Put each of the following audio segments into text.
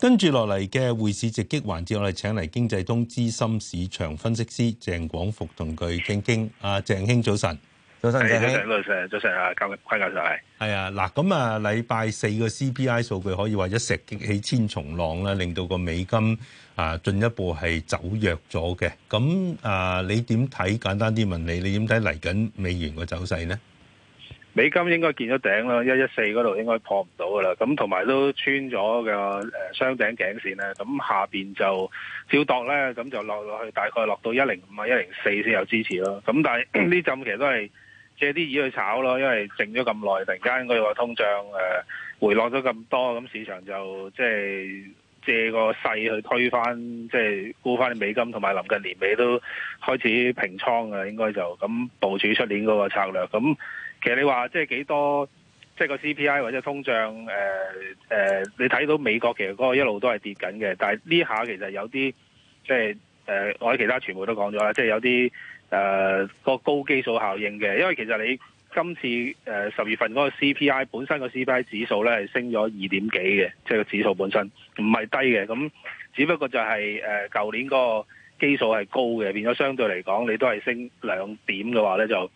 跟住落嚟嘅匯市直擊環節，我哋請嚟經濟通資深市場分析師鄭廣復同佢傾傾。阿鄭兄早晨，早晨，早晨，早晨，早晨，早晨啊，教規教授係係啊，嗱咁啊，禮拜四個 CPI 數據可以話一石激起千重浪啦，令到個美金啊進一步係走弱咗嘅。咁啊，你點睇？簡單啲問你，你點睇嚟緊美元個走勢咧？美金應該見咗頂啦，一一四嗰度應該破唔到噶啦。咁同埋都穿咗嘅誒雙頂頸線咧。咁下面就跳檔咧，咁就落落去大概落到一零五啊，一零四先有支持咯。咁但係呢陣其實都係借啲意去炒咯，因為靜咗咁耐，突然間應該話通脹、呃、回落咗咁多，咁市場就即係借個勢去推翻，即係沽翻啲美金，同埋臨近年尾都開始平倉啊，應該就咁部署出年嗰個策略咁。其實你話即係幾多，即係、就是、個 CPI 或者通脹，誒、呃、誒、呃，你睇到美國其實嗰個一路都係跌緊嘅。但係呢下其實有啲，即係誒、呃，我喺其他全部都講咗啦，即係有啲誒、呃嗰個高基數效應嘅。因為其實你今次誒十、呃、月份嗰個 CPI 本身個 CPI 指數咧係升咗二點幾嘅，即係個指數本身唔係低嘅。咁只不過就係誒舊年嗰個基數係高嘅，變咗相對嚟講你都係升兩點嘅話咧就。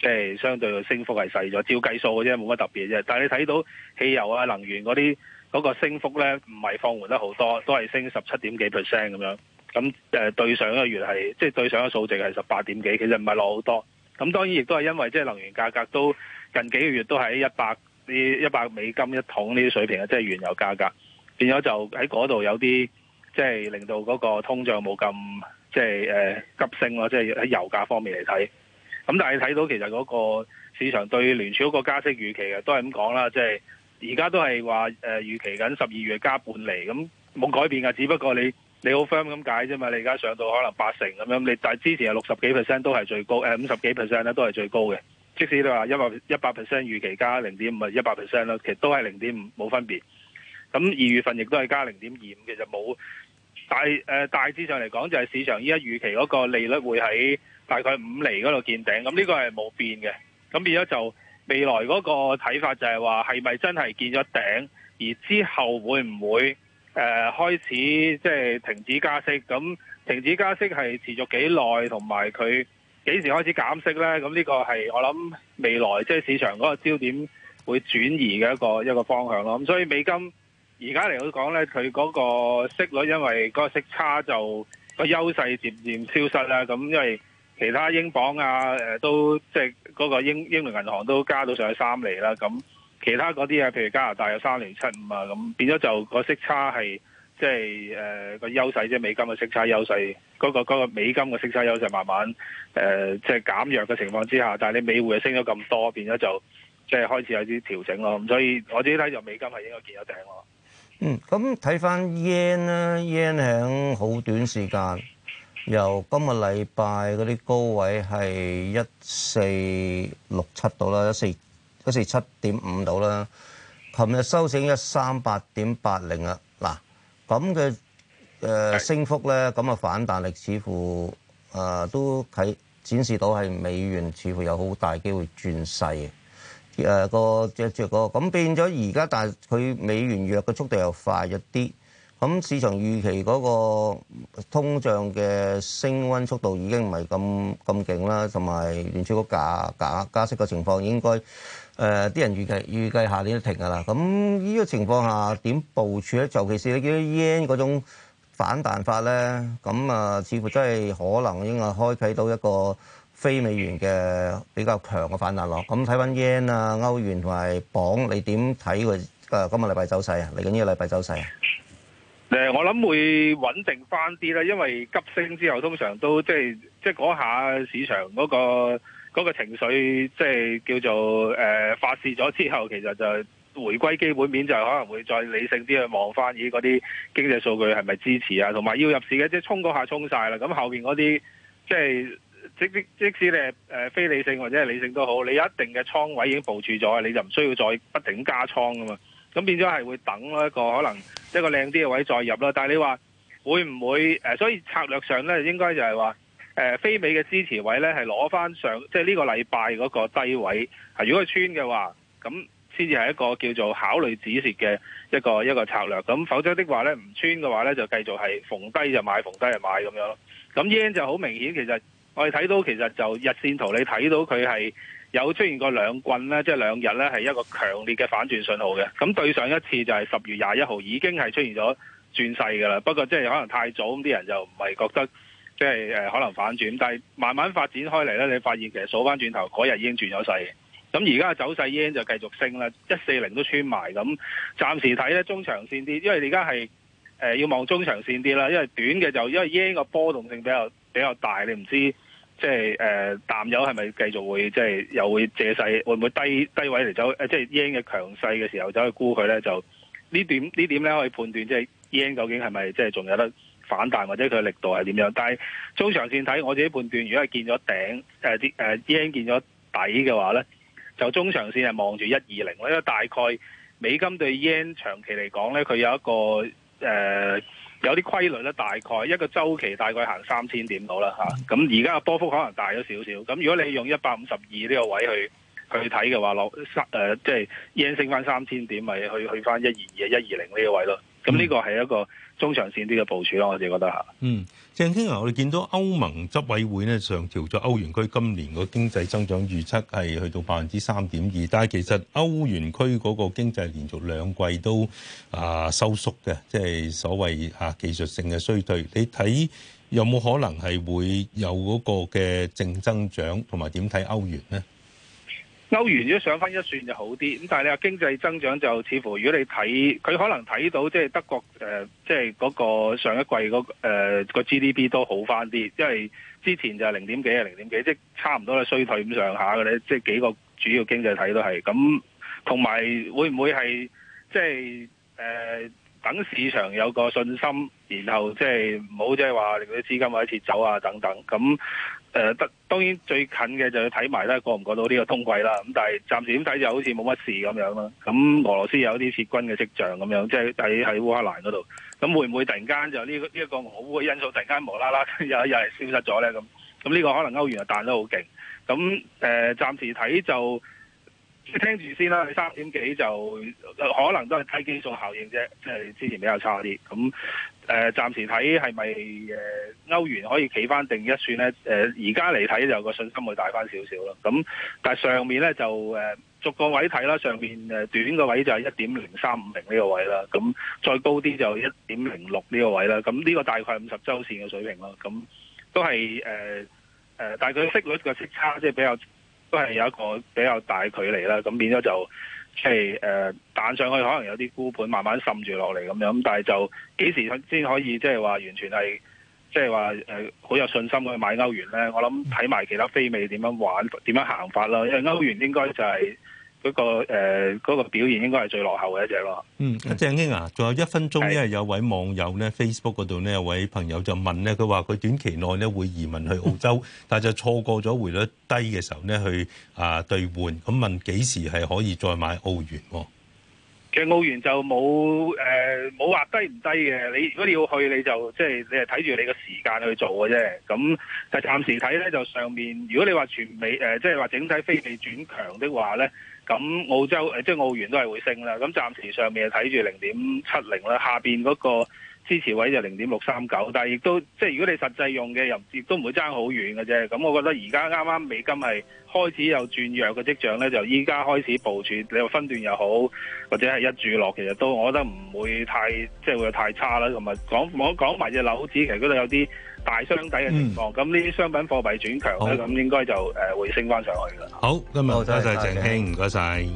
即、欸、係相對嘅升幅係細咗，照要計數嘅啫，冇乜特別嘅啫。但係你睇到汽油啊、能源嗰啲嗰個升幅咧，唔係放緩得好多，都係升十七點幾 percent 咁樣。咁誒、呃、對上一個月係即係對上一個數值係十八點幾，其實唔係落好多。咁當然亦都係因為即係、就是、能源價格都近幾個月都喺一百啲一百美金一桶呢啲水平啊，即、就、係、是、原油價格變咗就喺嗰度有啲即係令到嗰個通脹冇咁即係誒急升咯，即係喺油價方面嚟睇。咁但係你睇到其實嗰個市場對聯儲嗰個加息預期嘅都係咁講啦，即係而家都係話誒預期緊十二月加半厘，咁冇改變噶，只不過你你好 firm 咁解啫嘛，你而家上到可能八成咁樣，你但係之前係六十幾 percent 都係最高，誒五十幾 percent 咧都係最高嘅。即使你話一百一百 percent 預期加零點五，一百 percent 啦，其實都係零點五冇分別。咁二月份亦都係加零點二五，其實冇。大誒、呃、大致上嚟講，就係市場依家預期嗰個利率會喺大概五厘嗰度見頂，咁、嗯、呢、這個係冇變嘅。咁、嗯、變咗就未來嗰個睇法就係話，係咪真係見咗頂？而之後會唔會誒、呃、開始即係、就是、停止加息？咁、嗯、停止加息係持續幾耐，同埋佢幾時開始減息呢？咁、嗯、呢、這個係我諗未來即係、就是、市場嗰個焦點會轉移嘅一個一個方向咯。咁、嗯、所以美金。而家嚟講咧，佢嗰個息率，因為嗰個息差就、個優勢漸漸消失啦。咁因為其他英鎊啊，呃、都即係嗰個英英聯銀行都加到上去三厘啦。咁其他嗰啲啊，譬如加拿大有三厘七五啊，咁變咗就個息差係即係誒個優勢係、即係、美金嘅息差優勢，嗰、個嗰、個、美金嘅息差優勢慢慢誒即係減弱嘅情況之下，但你美匯升咗咁多，變咗就即係、即係、開始有啲調整咯。咁所以我自己睇就美金係應該見咗頂咯。嗯，咁睇翻 yen 咧，yen 喺好短時間由今日禮拜嗰啲高位係一四六七度啦，一四一四七點五度啦，琴日收市一三八點八零啊，嗱，咁嘅升幅咧，咁啊、這個、反彈力似乎、呃、都睇展示到係美元似乎有好大機會轉勢嘅。誒、呃那個只只個咁變咗，而家但係佢美元弱嘅速度又快一啲，咁市場預期嗰個通脹嘅升溫速度已經唔係咁咁勁啦，同埋連接股價格加息嘅情況應該誒啲、呃、人預期預計下年都停㗎啦。咁呢個情況下點部署咧？尤其是你見到 yen 嗰種反彈法咧，咁啊似乎真係可能應該開啟到一個。非美元嘅比較強嘅反彈咯。咁睇翻 yen 啊、歐元同埋鎊，你點睇佢？誒，今日禮拜走勢啊，嚟緊呢個禮拜走勢誒，我諗會穩定翻啲啦，因為急升之後通常都即係即係嗰下市場嗰、嗰個嗰個情緒，即係叫做誒、呃、發泄咗之後，其實就回歸基本面，就可能會再理性啲去望翻咦，嗰啲經濟數據係咪支持啊，同埋要入市嘅即係衝嗰下衝晒啦，咁後邊嗰啲即係。即即即使你係非理性或者係理性都好，你有一定嘅倉位已經部署咗，你就唔需要再不停加倉噶嘛。咁變咗係會等一個可能一個靚啲嘅位再入咯。但係你話會唔會？所以策略上咧，應該就係話誒非美嘅支持位咧，係攞翻上即係呢個禮拜嗰個低位。如果佢穿嘅話，咁先至係一個叫做考慮止蝕嘅一個一個策略。咁否則的話咧，唔穿嘅話咧，就繼續係逢低就買，逢低就買咁樣咯。咁 yen 就好明顯其實。我哋睇到其實就日線圖，你睇到佢係有出現過兩棍呢，即係兩日咧，係一個強烈嘅反轉信號嘅。咁對上一次就係十月廿一號已經係出現咗轉勢噶啦。不過即係可能太早，咁啲人就唔係覺得即係可能反轉。但係慢慢發展開嚟咧，你發現其實數翻轉頭嗰日已經轉咗勢。咁而家走勢日圓就繼續升啦，一四零都穿埋。咁暫時睇咧中長線啲，因為而家係要望中長線啲啦，因為短嘅就因為日圓個波動性比較。比較大，你唔知即係誒、呃，淡友係咪繼續會即係又會借勢，會唔會低低位嚟走？誒，即係 yen 嘅強勢嘅時候走去沽佢咧，就呢點呢點咧可以判斷即係 yen 究竟係咪即係仲有得反彈，或者佢力度係點樣？但係中長線睇，我自己判斷，如果係見咗頂誒啲誒 yen 見咗底嘅話咧，就中長線係望住一二零，因為大概美金對 yen 長期嚟講咧，佢有一個誒。呃有啲規律咧，大概一個週期大概行三千點到啦嚇。咁而家波幅可能大咗少少。咁如果你用一百五十二呢個位去去睇嘅話，落三誒即係 yen 升翻三千點，咪去去翻一二二一二零呢個位咯。咁呢個係一個中長線啲嘅部署咯，我哋覺得吓嗯，鄭興啊，我哋見到歐盟執委會咧上調咗歐元區今年經個經濟增長預測係去到百分之三點二，但係其實歐元區嗰個經濟連續兩季都啊收縮嘅，即係所謂啊技術性嘅衰退。你睇有冇可能係會有嗰個嘅正增長同埋點睇歐元咧？歐元如果上翻一算就好啲，咁但係你話經濟增長就似乎，如果你睇佢可能睇到即係德國即係嗰個上一季嗰、呃、個 GDP 都好翻啲，因為之前就係零點幾啊零點幾，即係差唔多咧衰退咁上下嘅咧，即係幾個主要經濟體都係咁，同埋會唔會係即係誒等市場有個信心，然後即係唔好，即係話令啲資金或者撤走啊等等咁。誒、呃，當然最近嘅就要睇埋啦，過唔過到呢個通季啦。咁但係暫時點睇就好似冇乜事咁樣啦。咁俄羅斯有啲撤軍嘅跡象咁樣，即係喺喺烏克蘭嗰度。咁會唔會突然間就呢呢一個好嘅因素突然間無啦啦又又係消失咗咧？咁咁呢個可能歐元又彈得好勁。咁誒，暫、呃、時睇就聽住先啦。三點幾就可能都係低基數效應啫，即、就、係、是、之前比較差啲咁。誒，暫時睇係咪誒歐元可以企翻定一算咧？誒、呃，而家嚟睇就有個信心會大翻少少啦。咁，但係上面咧就誒、呃、逐個位睇啦。上面誒短個位就係一點零三五零呢個位啦。咁再高啲就一點零六呢個位啦。咁呢個大概五十周線嘅水平啦。咁都係誒誒，但係佢息率個息差即係比較都係有一個比較大距離啦。咁變咗就。即係誒，彈、呃、上去可能有啲沽盤，慢慢滲住落嚟咁樣，但係就幾時先可以即係話完全係，即係話誒，好有信心去買歐元咧？我諗睇埋其他非美點樣玩，點樣行法啦。因為歐元應該就係、是。嗰、那個誒、呃那個、表現應該係最落後嘅一隻咯。嗯，鄭興啊，仲有一分鐘咧，有位網友呢 Facebook 嗰度呢，有位朋友就問呢，佢話佢短期內呢會移民去澳洲， 但係就錯過咗匯率低嘅時候呢去啊兌換。咁問幾時係可以再買澳元？其實澳元就冇誒冇話低唔低嘅。你如果你要去你、就是，你就即係你係睇住你個時間去做嘅啫。咁但係暫時睇呢，就上面。如果你話全美誒，即係話整體非美轉強的話呢。咁澳洲誒即係澳元都係會升啦，咁暫時上面睇住零點七零啦，下邊嗰個支持位就零點六三九，但係亦都即係如果你實際用嘅又亦都唔會爭好遠嘅啫。咁我覺得而家啱啱美金係開始有轉弱嘅跡象咧，就依家開始部署你話分段又好，或者係一注落其實都，我覺得唔會太即係會太差啦。同埋講我講埋隻樓子其實嗰度有啲。大商抵嘅情況，咁呢啲商品貨幣轉強咧，咁應該就誒會升翻上去啦。好，今日多謝鄭兄，唔該晒。謝謝